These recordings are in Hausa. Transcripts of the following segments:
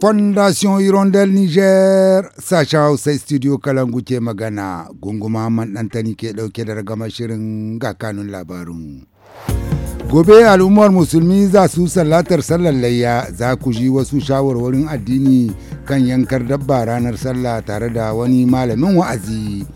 Fondation Hirondelle Niger sacha Hausa Studio Kalangu ke magana gunguma ɗantani ke dauke da ragamar shirin ga kanun labarin. Gobe al'ummar musulmi za su sallatar sallar layya za ku ji wasu shawarwarin addini kan yankar dabba ranar sallah tare da wani malamin wa'azi.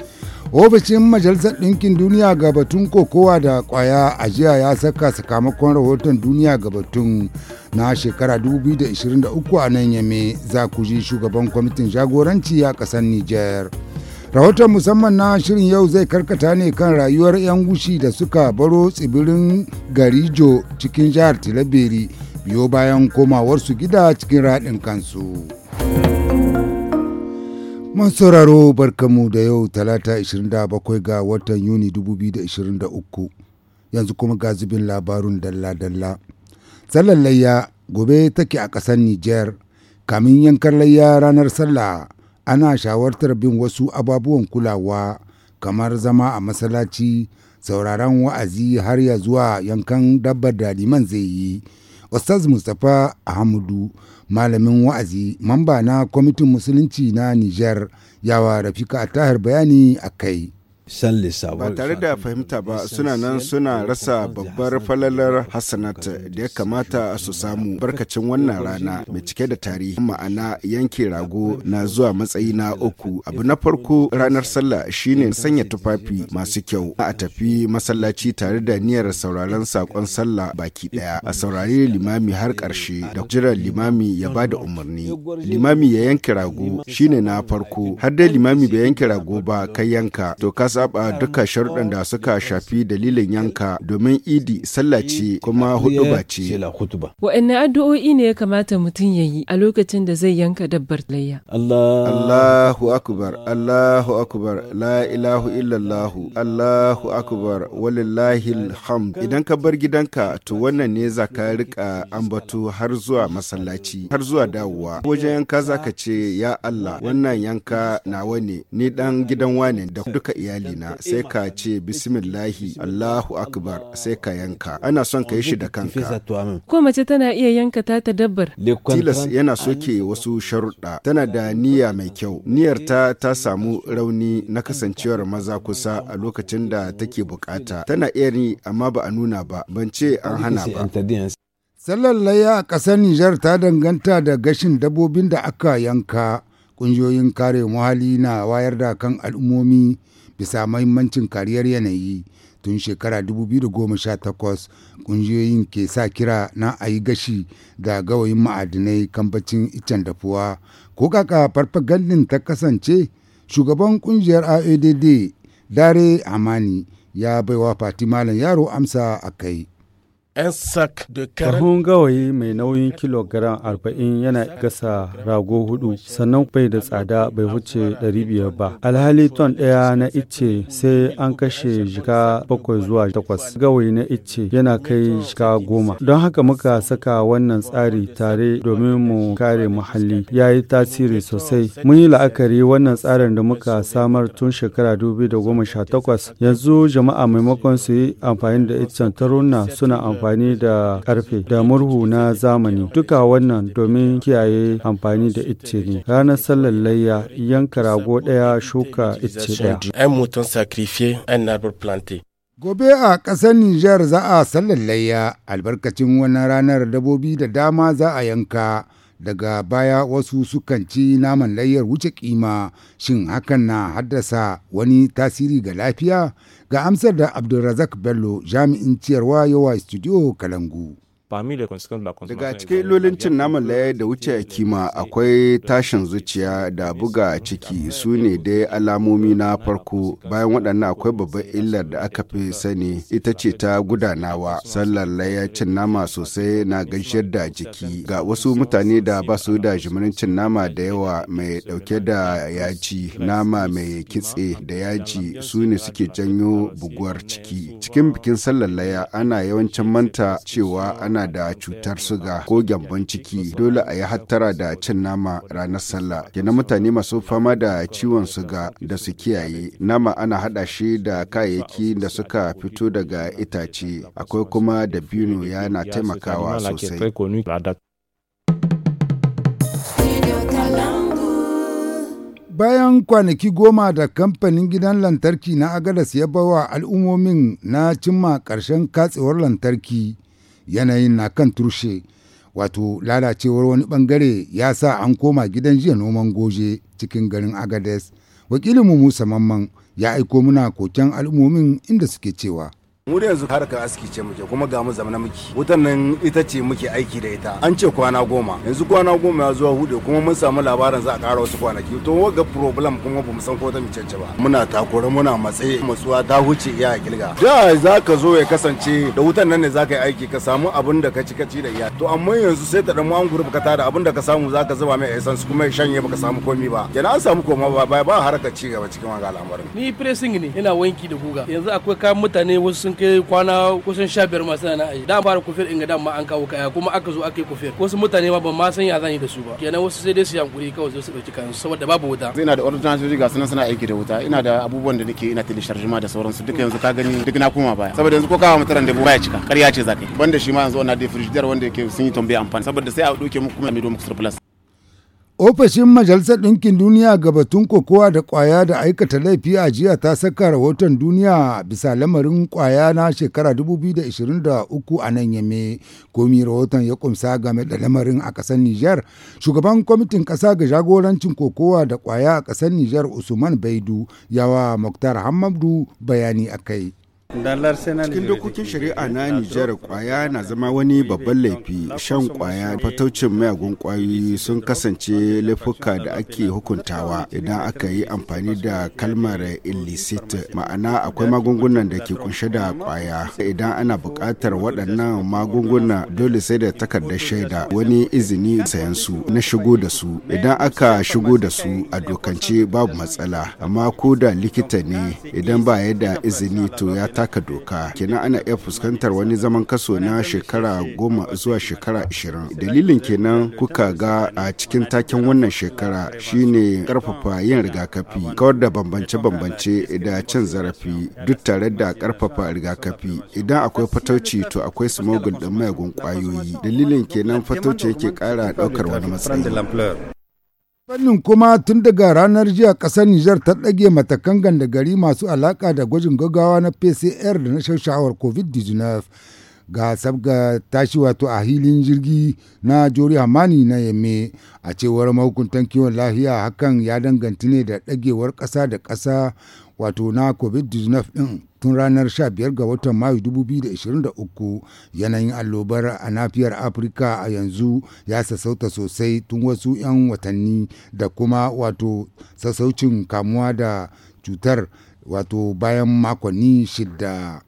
ofishin majalisar ɗinkin duniya ga batun kokowa da kwaya a jiya ya saka sakamakon rahoton duniya ga batun na shekara 2023 a nan yame za ku ji shugaban kwamitin jagoranci a ƙasar niger rahoton musamman na shirin yau zai karkata ne kan rayuwar 'yan gushi da suka baro tsibirin garijo cikin jihar tilaberi biyo bayan komawarsu gida cikin raɗin kansu. sauraro barkamu da yau talata 27 ga watan yuni 2023 yanzu kuma ga labarun dalla-dalla sallar layya gobe take a ƙasar Nijar. kamin yankar layya ranar sallah ana shawartar bin wasu ababuwan kulawa kamar zama a masallaci sauraron wa'azi har ya zuwa yankan dabbar da liman zai yi ustaz mustapha ahmadu malamin wa'azi mamba na kwamitin musulunci na Nijar yawa Rafika tahar bayani a kai. ba tare da fahimta ba suna nan suna rasa babbar falalar hasanat da ya kamata su samu barkacin wannan rana mai cike da tarihi ma'ana yanke rago na zuwa matsayi na uku abu na farko ranar sallah shine sanya tufafi masu kyau a tafi masallaci tare da niyyar sauraron sakon sallah baki daya a saurari limami har karshe da jiran limami ya ba da umarni limami ya yanke rago shine na farko har dai limami bai yanke rago ba kai yanka to ka saba duka sharuɗan da suka shafi dalilin yanka domin idi sallah ce kuma ba ce. Wa'anne addu'o'i ne ya kamata mutum ya yi a lokacin da zai yanka dabbar layya? Allahu akbar, Allahu akbar, la ilahu illallahu, Allahu akbar, walillahi alhamd. Idan ka bar gidanka to wannan ne za ka rika ambato har zuwa masallaci, har zuwa dawowa. Wajen yanka za ka ce ya Allah wannan yanka nawa ne, ni dan gidan wane da duka iyali. iyalina sai ka ce bismillahi Allahu akbar sai ka yanka ana son ka yi shi da kanka. Ko mace tana iya yanka ta ta dabbar. Tilas yana soke wasu sharuɗa tana da niyya mai kyau niyyar ta ta samu rauni na kasancewar maza kusa a lokacin da take bukata tana iya ni amma ba a nuna ba ban ce an hana ba. Sallar laya a ƙasar Nijar ta danganta da gashin dabbobin da aka yanka. Ƙungiyoyin kare muhalli na wayar da kan al'ummomi bisa mahimmancin kariyar yanayi tun shekara 2018 kungiyoyin ke sa kira na a yi gashi da gawayin ma'adinai kambacin iccen dafuwa ko kaka farfagallin ta kasance shugaban kungiyar aodd dare amani ya baiwa fatimalan yaro amsa a kai 'yan sak da gawayi mai nauyin kilogram 40 yana gasa rago hudu sannan bai da tsada bai wuce 500 ba alhali ton ɗaya na ice sai an kashe jika bakwai zuwa takwas gawayi na ice yana kai jika goma don haka muka saka wannan tsari tare domin mu kare muhalli ya yi tasiri sosai mun yi la'akari wannan tsarin da muka samar tun shekara 2018 yanzu jama'a maimakon su yi amfani da icen taruna suna amfani amfani da karfe da murhu na zamani duka wannan domin kiyaye amfani da icce ne ranar sallar layya yanka rago ɗaya shuka icce ɗaya Gobe a ƙasar Nijar za a sallar layya albarkacin wannan ranar dabobi da dama za a yanka daga baya wasu sukan ci naman layyar wuce kima shin hakan na haddasa wani tasiri ga lafiya ga amsar da abdulrazak bello jami'in ciyarwa yawa studio kalangu Daga cikin ilolin cin naman laye da wuce a kima akwai tashin zuciya da buga ciki su ne dai alamomi na farko bayan waɗannan akwai babban illar da aka fi sani ita ce ta gudanawa sallar laye cin nama sosai na gaishar da jiki ga wasu mutane da ba su da jimirin cin nama da yawa mai dauke da yaji nama mai kitse da yaji su ne suke janyo buguwar ciki cikin bikin sallar laya ana yawancin manta cewa ana yana da cutar suga ko gyambon ciki dole a yi hattara da cin nama ranar sallah gina mutane masu fama da ciwon suga da su kiyaye nama ana hada shi da kayayyaki da suka fito daga itace akwai kuma da bino yana taimakawa sosai bayan kwanaki goma da kamfanin gidan lantarki na agadas ya bawa al'ummomin na cimma ƙarshen katsewar lantarki yanayin na kan turshe wato lalacewar wani bangare ya sa an koma gidan jiya noman goje cikin garin agades wakilinmu musa mamman ya aiko muna koken al'ummomin inda suke cewa mu da yanzu harkar aski ce muke kuma ga mu zamana muke wutan nan ita ce muke aiki da ita an ce kwana goma yanzu kwana goma ya zuwa hudu kuma mun samu labarin za a kara wasu kwanaki to waga problem kuma bamu san ko ta micece ba muna takura muna matsaye matsuwa ta huce iya kilga da za ka zo ya kasance da wutan nan ne za ka yi aiki ka samu abin da ka ci ka ci da iya to amma yanzu sai ta mu an gurbi ka tada abin da ka samu za ka zuba mai essence kuma ya shanye baka samu komi ba kenan an samu koma ba ba harkar ci gaba cikin wannan al'amarin ni pressing ne ina wanki da guga yanzu akwai kayan mutane wasu sun kai kwana kusan sha biyar masu na aji da fara kufir in ga dama an kawo kaya kuma aka zo aka yi kufir wasu mutane ma ban ma san ya zan yi da su ba kenan wasu sai dai su yankuri kawai su dauki kansu saboda babu wuta ina da ordinance ga sunan suna aiki da wuta ina da abubuwan da nake ina tilisharji ma da sauransu duka yanzu ka gani duk na koma baya saboda yanzu ko kawo mutaran da buya cika ƙarya ce zakai banda shi ma yanzu wannan da frigidaire wanda yake sun yi tambaya amfani saboda sai a dauke muku kuma mai domin surplus Ofishin Majalisar Ɗinkin Duniya ga batun kokowa da ƙwaya da aikata laifi a jiya ta saka rahoton duniya bisa lamarin ƙwaya na shekara 2023 a nan yame. Komi rahoton ya kumsa game da lamarin a ƙasar Nijar. Shugaban kwamitin ƙasa ga jagorancin kokowa da ƙwaya a ƙasar Nijar Usman Baidu yawa Muktar Hamadu bayani a kai. cikin dokokin shari'a na nijar kwaya na zama wani babban laifi shan kwaya fataucin mayagun kwayoyi sun kasance laifuka da ake hukuntawa idan aka yi amfani da kalmar illicit ma'ana akwai magungunan da ke kunshe da kwaya idan ana bukatar waɗannan magunguna dole sai da takardar shaida wani izini sayan su na shigo da su idan aka shigo da su a dokance babu matsala amma ko da likita ne idan ba ya da izini to ya ta taka doka kenan ana iya fuskantar wani zaman kaso na shekara goma zuwa shekara ashirin dalilin kenan kuka ga a cikin taken wannan shekara shine karfafa yin rigakafi kawar da bambance-bambance da cin zarafi duk tare da karfafa rigakafi idan akwai fatauci to akwai smogul da mayagun kwayoyi dalilin kenan fatauci yake kara daukar wani matsayi Fannin kuma tun daga ranar jiya ƙasar Nijar ta ɗage matakan gandagari masu alaƙa da gwajin gaggawa na PCR da na shawar COVID-19 ga sabga tashi wato a hilin jirgi na jori hamani na yamme a cewar mahukuntan kiwon lahiya hakan ya danganci ne da ɗagewar ƙasa da ƙasa wato na covid-19 tun ranar 15 ga watan mayu 2023 yanayin allobar a nafiyar afirka a yanzu ya sassauta sosai tun wasu 'yan watanni da kuma wato sassaucin kamuwa da cutar wato bayan makonni shidda.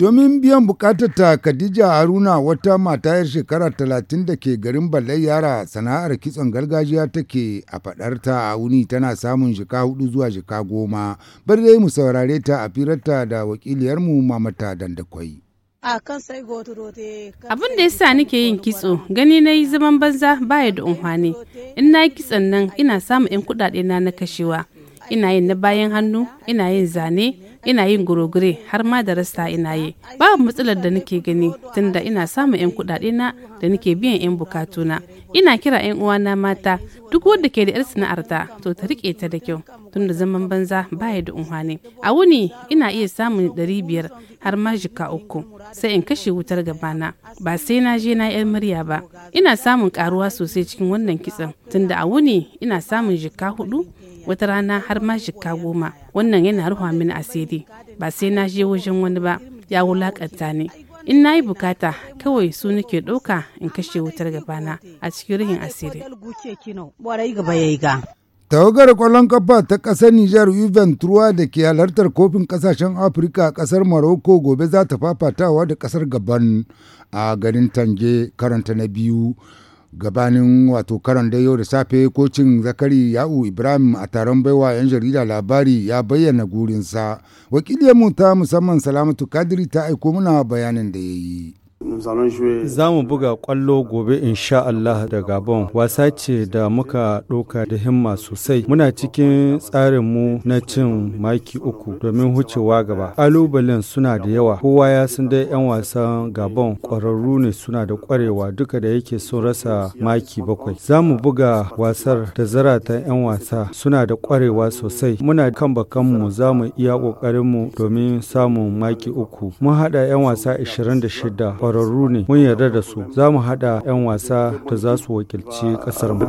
Domin biyan bukatar ta Khadija Haruna wata mata yar shekara talatin da ke garin Ballai Yara sana'ar kitson gargajiya take a ta a wuni tana samun shika hudu zuwa shika goma. Bari dai mu saurare ta a firarta da wakiliyarmu Mamata Dandakwai. Abin da yasa nake yin kitso gani na yi zaman banza baya da unhwani. In na yi kitson nan ina samun 'yan kudade na na kashewa. Ina yin na bayan hannu, ina yin zane, ina yin gurogure har ma da rasta ina yi babu matsalar da nake gani tunda ina samun 'yan kuɗaɗe na da nake biyan 'yan bukatuna ina kira 'yan uwana mata duk wanda ke da 'yar sana'arta to ta rike ta da kyau tunda zaman banza baya da unhane a wuni ina iya samun ɗari biyar har ma jika uku sai in kashe wutar gabana ba sai na je na 'yar murya ba ina samun karuwa sosai cikin wannan kitson tunda a wuni ina samun jika hudu wata rana har ma shika goma wannan yana ruwa mini asiri ba sai na je wajen wani ba ya wulakanta ne in na yi bukata kawai su nake ɗauka in kashe wutar gabana a cikin ruhin asiri tawagar kwallon kafa ta ƙasar Nijar truwa da ke halartar kofin ƙasashen Afirka a ƙasar Morocco gobe za ta fafatawa da ƙasar Gabon a garin Tange karanta na biyu. gabanin wato karan da yau da safe kocin zakari ya'u ibrahim a taron baiwa 'yan jarida labari ya bayyana gurinsa wakiliyarmu ta musamman salamatu kadiri ta aiko muna bayanin da ya yi Za mu buga ƙwallo gobe insha Allah da Gabon. Wasa ce da muka ɗauka da himma sosai. Muna cikin tsarinmu na cin maki uku domin hucewa gaba. Ƙalubalen suna da yawa. Kowa ya sun dai 'yan wasan Gabon ƙwararru ne suna da ƙwarewa duka da yake sun rasa maki bakwai. Za mu buga wasar da zarata 'yan wasa suna da ƙwarewa sosai. Muna kan bakanmu za mu iya ƙoƙarinmu domin samun maki uku. Mun haɗa 'yan wasa 26 kwararru ne mun yarda da su za mu haɗa 'yan wasa da za su wakilci ƙasar mu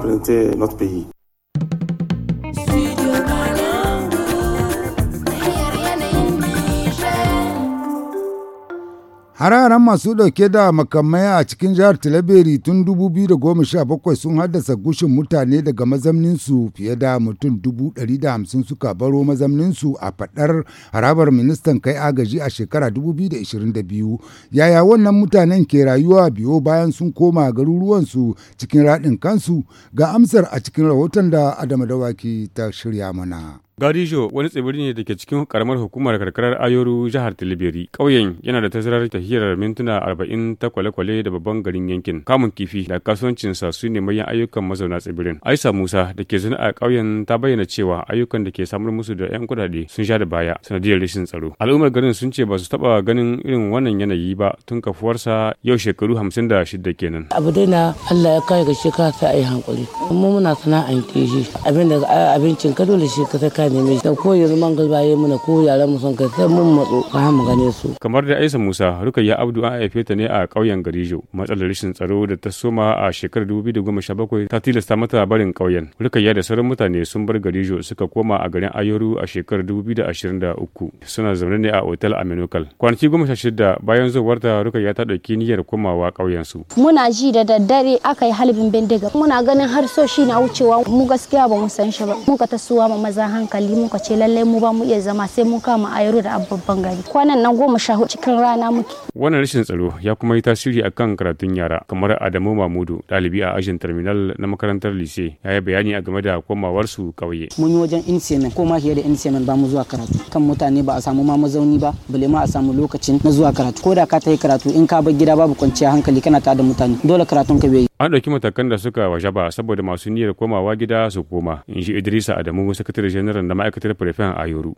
Hararen masu dauke da makamai a cikin jihar Tilaberi tun 2017 sun haddasa gushin mutane daga mazamninsu fiye da mutum 150 suka baro mazamninsu a fadar harabar ministan kai agaji a shekara 2022. Yaya wannan mutanen ke rayuwa biyo bayan sun koma garuruwansu cikin raɗin kansu ga amsar a cikin rahoton da Adama Dawaki ta shirya mana. Garijo wani tsibiri ne da ke cikin karamar hukumar karkarar Ayoru jihar Tilibiri. Ƙauyen yana da tazarar tahirar mintuna arba'in ta kwale-kwale da babban garin yankin. Kamun kifi da kasuwancinsa su ne manyan ayyukan mazauna tsibirin. Aisha Musa da ke zuna a ƙauyen ta bayyana cewa ayyukan da ke samar musu da 'yan kuɗaɗe sun sha da baya sanadiyar rashin tsaro. Al'ummar garin sun ce ba su taɓa ganin irin wannan yanayi ba tun kafuwarsa yau shekaru hamsin da shida kenan. Abu dai na Allah ya kai ga shekara sai a yi hankali. Mu muna sana'an kishi abin da abincin ka dole shi ka neme shi da ko yanzu man kai baye muna ko yaran mu son kai sai mun matso ka mu gane su kamar da Aisha Musa Rukayya Abdu an haife ta ne a ƙauyen Garijo matsalar rashin tsaro da ta soma a shekarar 2017 ta tilasta mata barin ƙauyen Rukayya da sauran mutane sun bar Garijo suka koma a garin Ayoru a shekarar 2023 suna zaune ne a otal Aminokal kwanaki 16 bayan warta Rukayya ta ɗauki niyyar komawa ƙauyen su muna ji da daddare akai yi halbin bindiga muna ganin har so shi na wucewa mu gaskiya ba mu san shi ba muka tasowa ma maza hankali hankali muka ce lallai mu ba mu iya zama sai mun kama ayaru da ababban gari kwanan nan goma sha hudu cikin rana muke wannan rashin tsaro ya kuma yi tasiri a kan karatun yara kamar adamu mamudu ɗalibi a ajin terminal na makarantar lise ya yi bayani a game da komawarsu ƙauye mun yi wajen insemen ko ma fiye da insemen ba mu zuwa karatu kan mutane ba a samu ma mazauni ba bale ma a samu lokacin na zuwa karatu ko da ka ta yi karatu in ka bar gida babu kwanciya hankali kana ta da mutane dole karatun ka bai an ɗauki matakan da suka wajaba saboda masu niyyar komawa gida su koma in ji idrisa adamu sakatare janaral da ma'aikatar prefen a yoru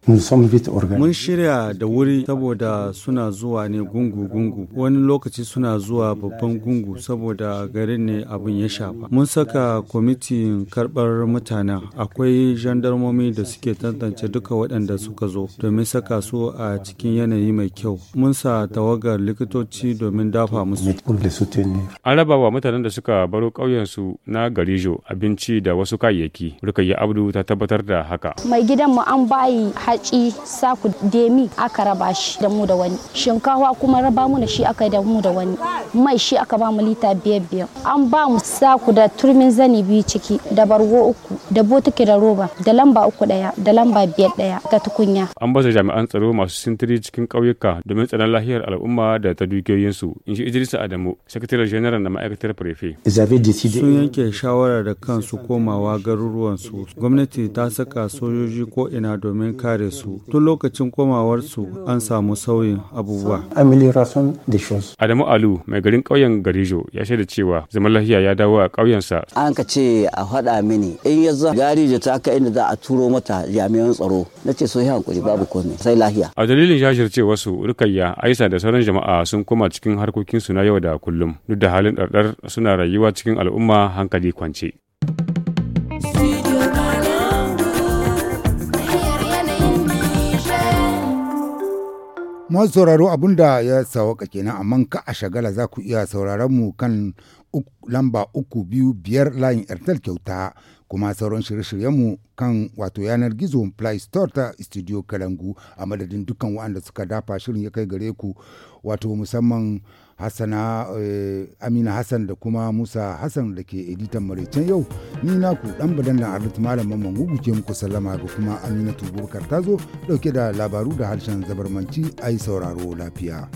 mun shirya da wuri saboda suna zuwa ne gungu-gungu wani lokaci suna zuwa babban gungu saboda garin ne abin ya shafa mun saka kwamitin karɓar mutane akwai jandarmomi da suke tantance duka waɗanda suka zo domin saka su a cikin yanayi mai kyau mun sa tawagar likitoci domin dafa musu an raba wa mutanen da suka suka baro ƙauyensu na Garijo abinci da wasu kayayyaki. Rukayya Abdu ta tabbatar da haka. Mai gidan mu an bayi haci saku demi aka raba shi da mu da wani. Shinkawa kuma raba mu shi aka da mu da wani. Mai shi aka ba mu lita biyar biyar. An ba mu saku da turmin zani biyu ciki da bargo uku da botiki da roba da lamba uku daya da lamba biyar daya ga tukunya. An basa jami'an tsaro masu sintiri cikin ƙauyuka domin tsaron lahiyar al'umma da ta dukiyoyinsu. In shi Idris Adamu, sakataren general na ma'aikatar prefe. sun yanke shawara da kansu komawa garuruwansu gwamnati ta saka sojoji ko ina domin kare su tun lokacin komawarsu an samu sauyin abubuwa adamu alu mai garin ƙauyen garijo ya shaida cewa zaman lafiya ya dawo a ƙauyensa an ka ce a faɗa mini in ya za garijo ta kai inda za a turo mata jami'an tsaro na ce sun yi hankuri babu komai sai lafiya a dalilin wasu, rukayya aisa da sauran jama'a sun koma cikin harkokinsu na yau da kullum duk da halin ɗarɗar suna rayu rayuwa cikin al'umma hankali kwance. masu sauraro abun da ya sawaka kenan amma ka a shagala za ku iya sauraron mu kan lamba uku biyu biyar layin airtel kyauta kuma sauran shirye-shiryenmu kan wato yanar gizo play store ta studio kalangu a madadin dukkan waɗanda suka dafa shirin ya kai gare ku wato musamman hassana eh, amina hassan da kuma musa hassan da ke editan maraicen yau ni naku dan badan da arlit malam mamman gugu muku sallama ga kuma aminatu ta tazo dauke da labaru da harshen zabarmanci ai sauraro lafiya.